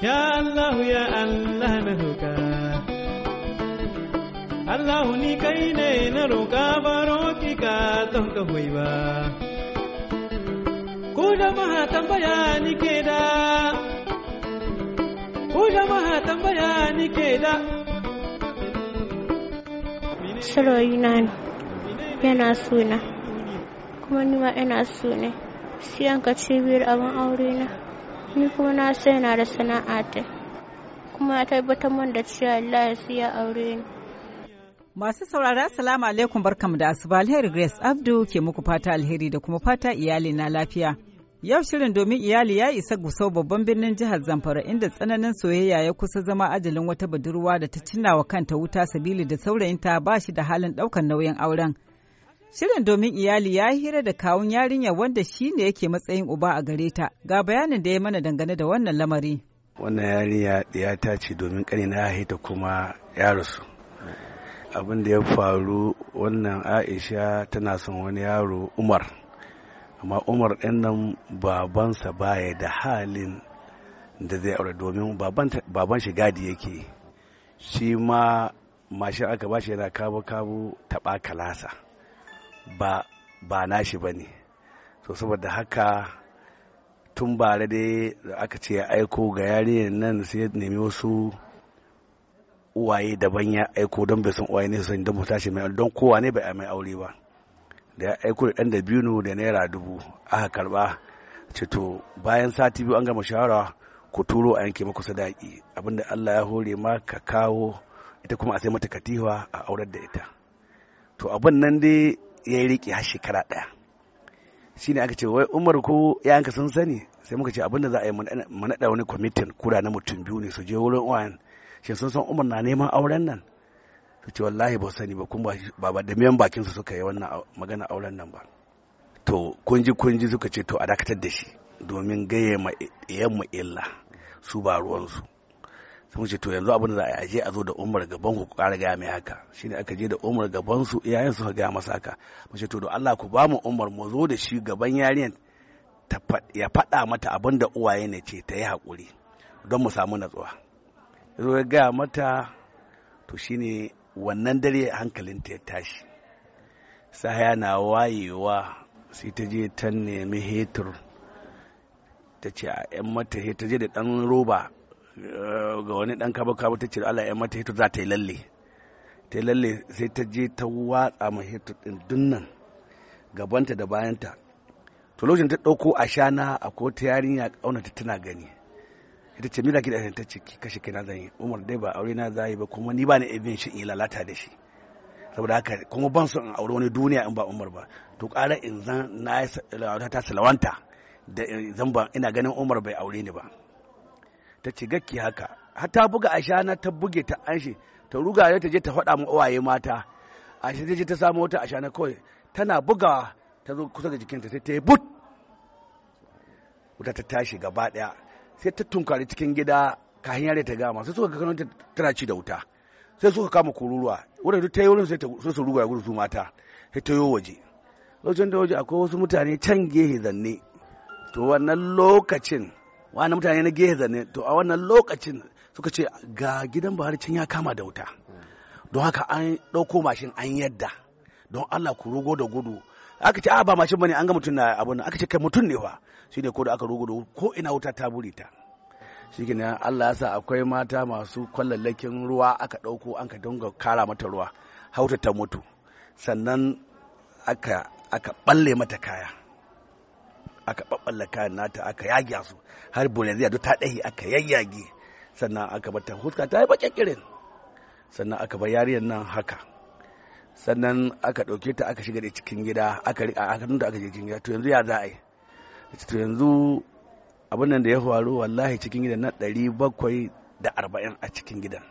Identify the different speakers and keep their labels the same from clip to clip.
Speaker 1: Ya Allah ya Allah na roƙa Allah ni kai ne na roƙa baro ki ka don ka hoyi ba Ku jama'a tambaya ni ke da Ku jama'a tambaya ni ke da Saroyi na ne yana suna kuma ni ma ina suna sai an ka cibiyar abin aure na ni kuma na sai na da sana'a ta kuma ya tabbatar min da cewa Allah ya siya aure ni Masu saurara salamu alaikum barkamu da asuba alheri Grace Abdu ke muku fata alheri da kuma fata iyali na lafiya. Yau shirin domin iyali ya isa gusau babban birnin jihar Zamfara inda tsananin soyayya ya kusa zama ajalin wata budurwa da ta cinna wa kanta wuta sabili da saurayinta ba shi da halin ɗaukar nauyin auren. Shirin domin iyali ya hira da kawun yarinya wanda shi ne yake matsayin uba a gare ta. Ga bayanin da ya mana dangane da wannan lamari.
Speaker 2: Wannan yarinya ya tace ce domin kani na haita kuma ya rasu. Abin da ya faru wannan Aisha tana son wani yaro Umar. Amma Umar ɗin nan babansa baya da halin da zai aure domin baban shi gadi yake. Shi ma mashi aka bashi yana kabo-kabo taɓa kalasa. ba ba nashi ba ne so saboda haka tun ba dai da aka ce ya aiko ga yarinyar nan sai ya nemi wasu uwaye daban ya aiko don bai san uwaye ne sun don mutashi mai don kowa ne bai mai aure ba da ya aiko da ɗan da biyu da naira dubu aka karba ce to bayan sati biyu an gama shawara ku turo a yanke maku sadaki abinda Allah ya hore ma ka kawo ita kuma a sai mata katiwa a aurar da ita to abin nan dai ya yi riƙe har shekara ɗaya shi ne aka ce wai umar ko yanka sun sani sai muka ce abinda za a yi mu naɗa wani kwamitin kura na mutum biyu ne su je wurin wayan. shi sun san umar na neman auren nan su ce wallahi ba sani ba kun ba da miyan bakin su suka yi wannan magana auren nan ba to kunji kunji suka ce to a dakatar da shi domin gaye ma illa su ba ruwansu sun ce to yanzu abin da za a je a zo da umar gaban ku ƙara gaya mai haka shine aka je da umar gaban su iyayen su gaya masa haka mu ce to da Allah ku ba mu umar mu zo da shi gaban yarinyar ya faɗa mata abin da uwaye ne ce ta yi haƙuri don mu samu natsuwa zo ya gaya mata to shine wannan dare ta ya tashi sahaya na wayewa sai ta je ta nemi hetur ta ce a 'yan mata ta je da ɗan roba Eh, ga wani ɗan kaba kaba ta ce Allah ya mata hito za ta yi lalle ta yi lalle sai ta je ta watsa ma hito ɗin dunnan gabanta da bayanta to lokacin ta dauko ashana a ko ta yarinya ƙauna ta tana gani ita ce mira gida ta ce ki kashe kina zan yi Umar dai ba aure na zai ba kuma ni ba ni ibin shi in lalata da shi saboda haka kuma ban son in aure wani duniya in ba Umar ba to ƙara in zan na eh, ta salawanta da zan ba ina ganin Umar bai aure ni ba ta ci gakki haka har ta buga ashana ta buge ta anshe ta ruga ta je ta faɗa mu waye mata shi ta je ta samu wata ashana kawai tana bugawa ta zo kusa da jikinta sai ta yi but wuta ta tashi gaba ɗaya sai ta tunkari cikin gida kahin yare ta gama sai suka kano tana ci da wuta sai suka kama kururuwa wurin ta yi wurin sai su ruga gudu su mata sai ta yi waje lokacin da waje akwai wasu mutane can gehe zanne to wannan lokacin wani mutane na gehe ne to a wannan lokacin suka ce ga gidan buhari can ya kama da wuta don haka an ɗauko mashin an yadda don allah ku rugo da gudu aka ce a ah, ba mashin bane an ga mutum na na aka ce kai mutum ne fa shine ko da aka rugo da ko ina wuta ta buri ta shine allah ya sa akwai mata masu kwallallakin ruwa aka ɗauko an ka dinga kara mata ruwa hauta ta mutu sannan aka aka balle mata kaya aka ɓaɓɓalla kayan nata aka yage su har bolivia duk ta ɗahi aka yayyage sannan aka bata huska ta yi baƙaƙirin sannan aka bar yariyar nan haka sannan aka ɗauke ta aka shiga da cikin gida aka riƙa aka nuna aka je cikin gida to yanzu ya za a yi to yanzu abin nan da ya faru wallahi cikin gidan na ɗari bakwai da arba'in a cikin gidan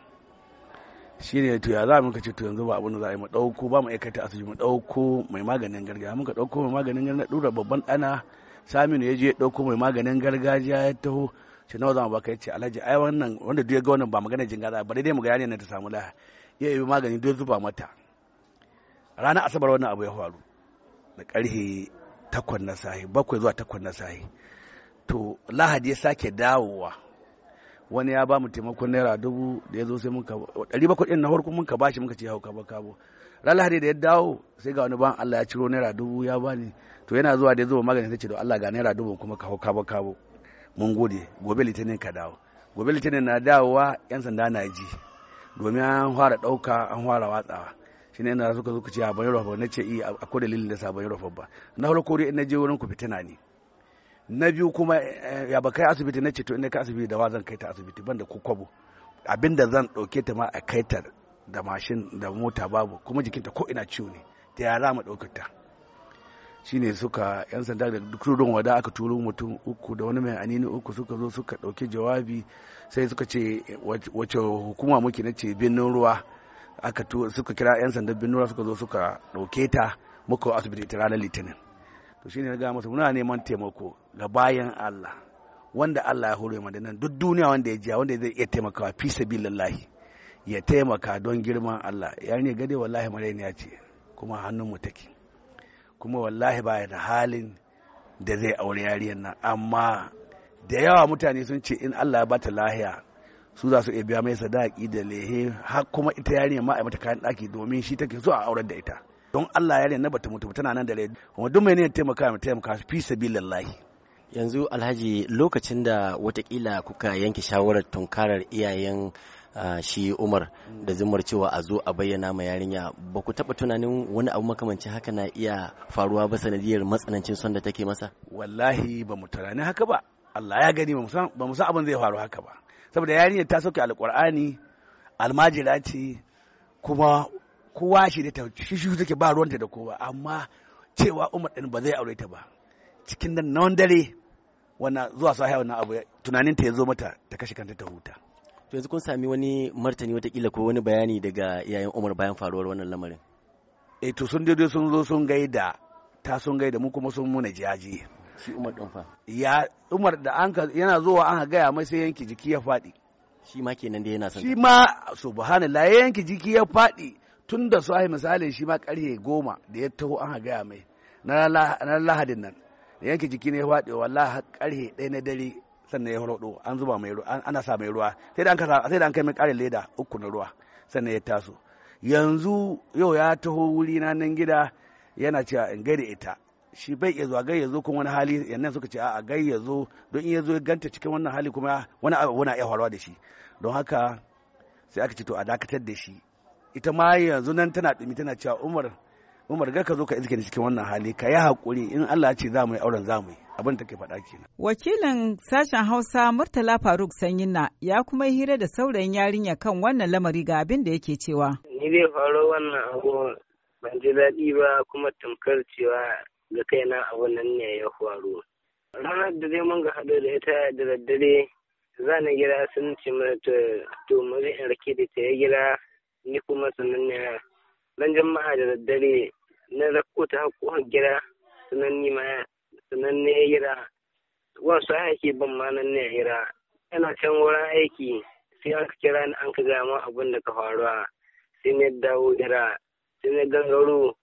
Speaker 2: shi ne to ya za mu ce to yanzu ba abin da za a yi mu ɗauko ba mu aikata asibiti mu ɗauko mai maganin gargajiya muka ɗauko mai maganin gargajiya na ɗura babban ɗana saminu ya je ya ɗauko mai maganin gargajiya ya taho ce nawa zama baka ce alhaji ai wannan wanda duk ya ga wannan ba magana jinga gaza bare dai mu ne na ta samu laha ya yi magani duk zuba mata ranar asabar wannan abu ya faru da karhe takwas na sahi bakwai zuwa takwas na sahi to lahadi ya sake dawowa wani ya ba mu taimakon naira dubu da ya zo sai muka ɗari bakwai ɗin na farko muka ba shi muka ce hau kaba kabo ran da ya dawo sai ga wani ban Allah ya ciro naira dubu ya bani to yana zuwa da ya zuba magani sai ce da Allah ga naira dubu kuma ka hau kaba kabo mun gode gobe litinin ka dawo gobe litinin na dawowa yan sanda na ji domin an fara ɗauka an fara watsawa shi ne na suka zo ku ce a bayan rufa na ce iya eh, akwai dalilin da sa bayan rufa ba na farko in na je wurin ku fitina ne na biyu kuma eh, ya ba kai asibiti na ce to inda ka asibiti da wazan zan kai ta asibiti banda ku kwabo abinda zan ɗauke ta ma a kai ta da mashin da mota babu kuma jikinta ko ina ciwo ne da yara rama daukar ta shine suka yan sanda da duk rurun wada aka turo mutum uku da wani mai anini uku suka zo suka dauke jawabi sai suka ce wace hukuma muke na ce binnin ruwa aka suka kira yan sanda binnin ruwa suka zo suka ɗauke ta muka asibiti ta ranar litinin to ne na ga masa muna neman taimako ga bayan Allah wanda Allah ya hore mu da duk duniya wanda ya jiya wanda zai iya taimakawa fi sabilillahi ya taimaka don girman Allah ya ne gade wallahi ya ce kuma hannun mu take kuma wallahi baya da halin da zai aure yariyar nan amma da yawa mutane sun ce in Allah ya bata lahiya su za su iya biya mai sadaki da lehe har kuma ita yarinya ma a mata kayan daki domin shi take so a aurar da ita don Allah yare na bata mutu tana nan da rai kuma duk mai ne taimaka mu taimaka fi sabilillahi
Speaker 3: yanzu alhaji lokacin da watakila kuka yanke shawarar
Speaker 2: tunkarar iyayen ah, shi umar da zumar cewa a zo a bayyana ma yarinya ba ku taɓa tunanin wani abu makamancin haka na iya faruwa ba sanadiyar matsanancin son da take masa wallahi ba mu tunani haka ba Allah ya gani ba mu san abin zai faru haka ba saboda yarinya ta sauke alkur'ani almajira ce kuma kowa shi da ta shishu take ba ruwanta da kowa amma cewa umar din ba zai aure ta ba cikin nan na dare wannan zuwa sahiya wannan abu tunanin ta ya zo mata ta kashe kanta ta huta to yanzu kun sami wani martani watakila ko wani bayani daga iyayen umar bayan faruwar wannan lamarin eh to sun daidai sun zo sun gaida ta sun gaida mu kuma sun muna jaji shi umar din fa ya umar da an ka yana zuwa an gaya mai sai yanki jiki ya faɗi shi ma kenan da yana son shi ma subhanallah yanki jiki ya faɗi tun da su misali shi ma karye goma da ya taho an gaya mai na lahadin nan da yanke jiki ne ya faɗi wallahi karye ɗaya na dare sannan ya rodo an zuba mai ruwa ana sa mai ruwa sai da an kai mai ƙarin leda uku na ruwa sannan ya taso yanzu yau ya taho wuri na nan gida yana cewa in gaida ita shi bai iya zuwa gai zo kuma wani hali yannan suka ce a gayyazo zo don in ya zo ya ganta cikin wannan hali kuma wani abu na iya faruwa da shi don haka sai aka ce to a dakatar da shi ita ma yanzu nan tana ɗumi tana cewa umar umar ga ka zo ka iske ni cikin wannan hali ka yi haƙuri in Allah ce za mu yi auren za mu yi abin take faɗa kenan.
Speaker 1: wakilin sashen hausa murtala faruk sanyinna ya kuma yi hira da saurayin yarinya kan wannan lamari ga abin da yake cewa.
Speaker 3: ni zai faru wannan abu ban ji daɗi ba kuma tamkar cewa ga kaina abu nan ne ya faru. ranar da zai mun ga haɗu da ita da daddare za na gida sun ce mana to mu zai rake da ta ya gida ni kuma sannan ne ran jama'a da daddare na rakko ta a gida sannan ni ma sannan ne gida wasu aiki ban ma nan ne gida yana can wurin aiki sai an kira ni an ka gama abin da ka faruwa sai na dawo gida sai na gangaro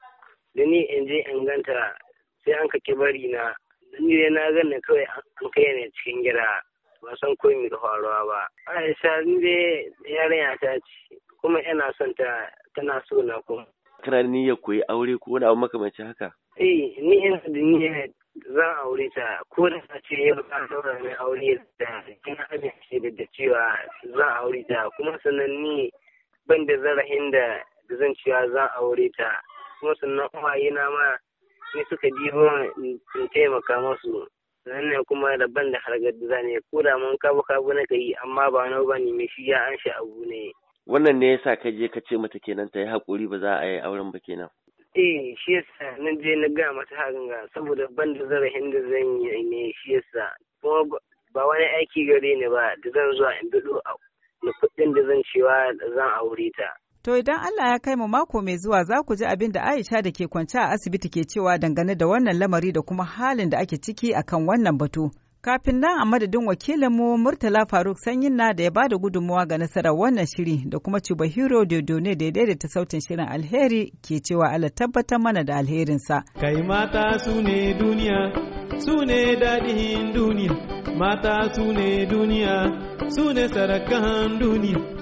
Speaker 3: da ni in je in ganta sai an ka bari na ni dai na ganna kawai an kai ne cikin gida ba san ko me ka faruwa ba aisha ni dai ya ta ce kuma ina son ta tana so na kuma kana da niyyar koyi aure ko wani abu makamancin haka eh ni ina da niyyar zan aure ta ko da ta ce yau ta daura mai aure da ina amince da cewa zan aure ta kuma sannan ni ban da zarahin da zan cewa zan aure ta kuma sannan uwaye na ma ni suka dibo in taimaka masu sannan kuma daban da hargar da zane ko da mun kabu kabu na yi amma ba na ba ne mai shi ya an sha abu ne wannan ne yasa ka je ka ce mata kenan ta yi haƙuri ba za a yi auren ba kenan eh shi yasa na je na ga mata hakan ga saboda ban da zarafin da zan yi ne shi yasa kuma ba wani aiki gare ni ba da zan zuwa in bido na kuɗin da zan cewa zan aure ta
Speaker 1: To idan Allah ya kai mu mako mai zuwa za ku ji abin da Aisha da ke kwance a asibiti ke cewa dangane da wannan lamari da kuma halin da ake ciki akan wannan batu. Kafin nan a madadin wakilinmu Murtala Faruk Sanyin na da ya ba da gudunmuwa ga nasarar wannan shiri da kuma Cuba Hero Dodone da ya daidaita sautin shirin alheri ke cewa Allah tabbatar mana da alherinsa. Kai mata su ne duniya, su ne daɗin duniya, mata su ne duniya, su ne sarakan duniya.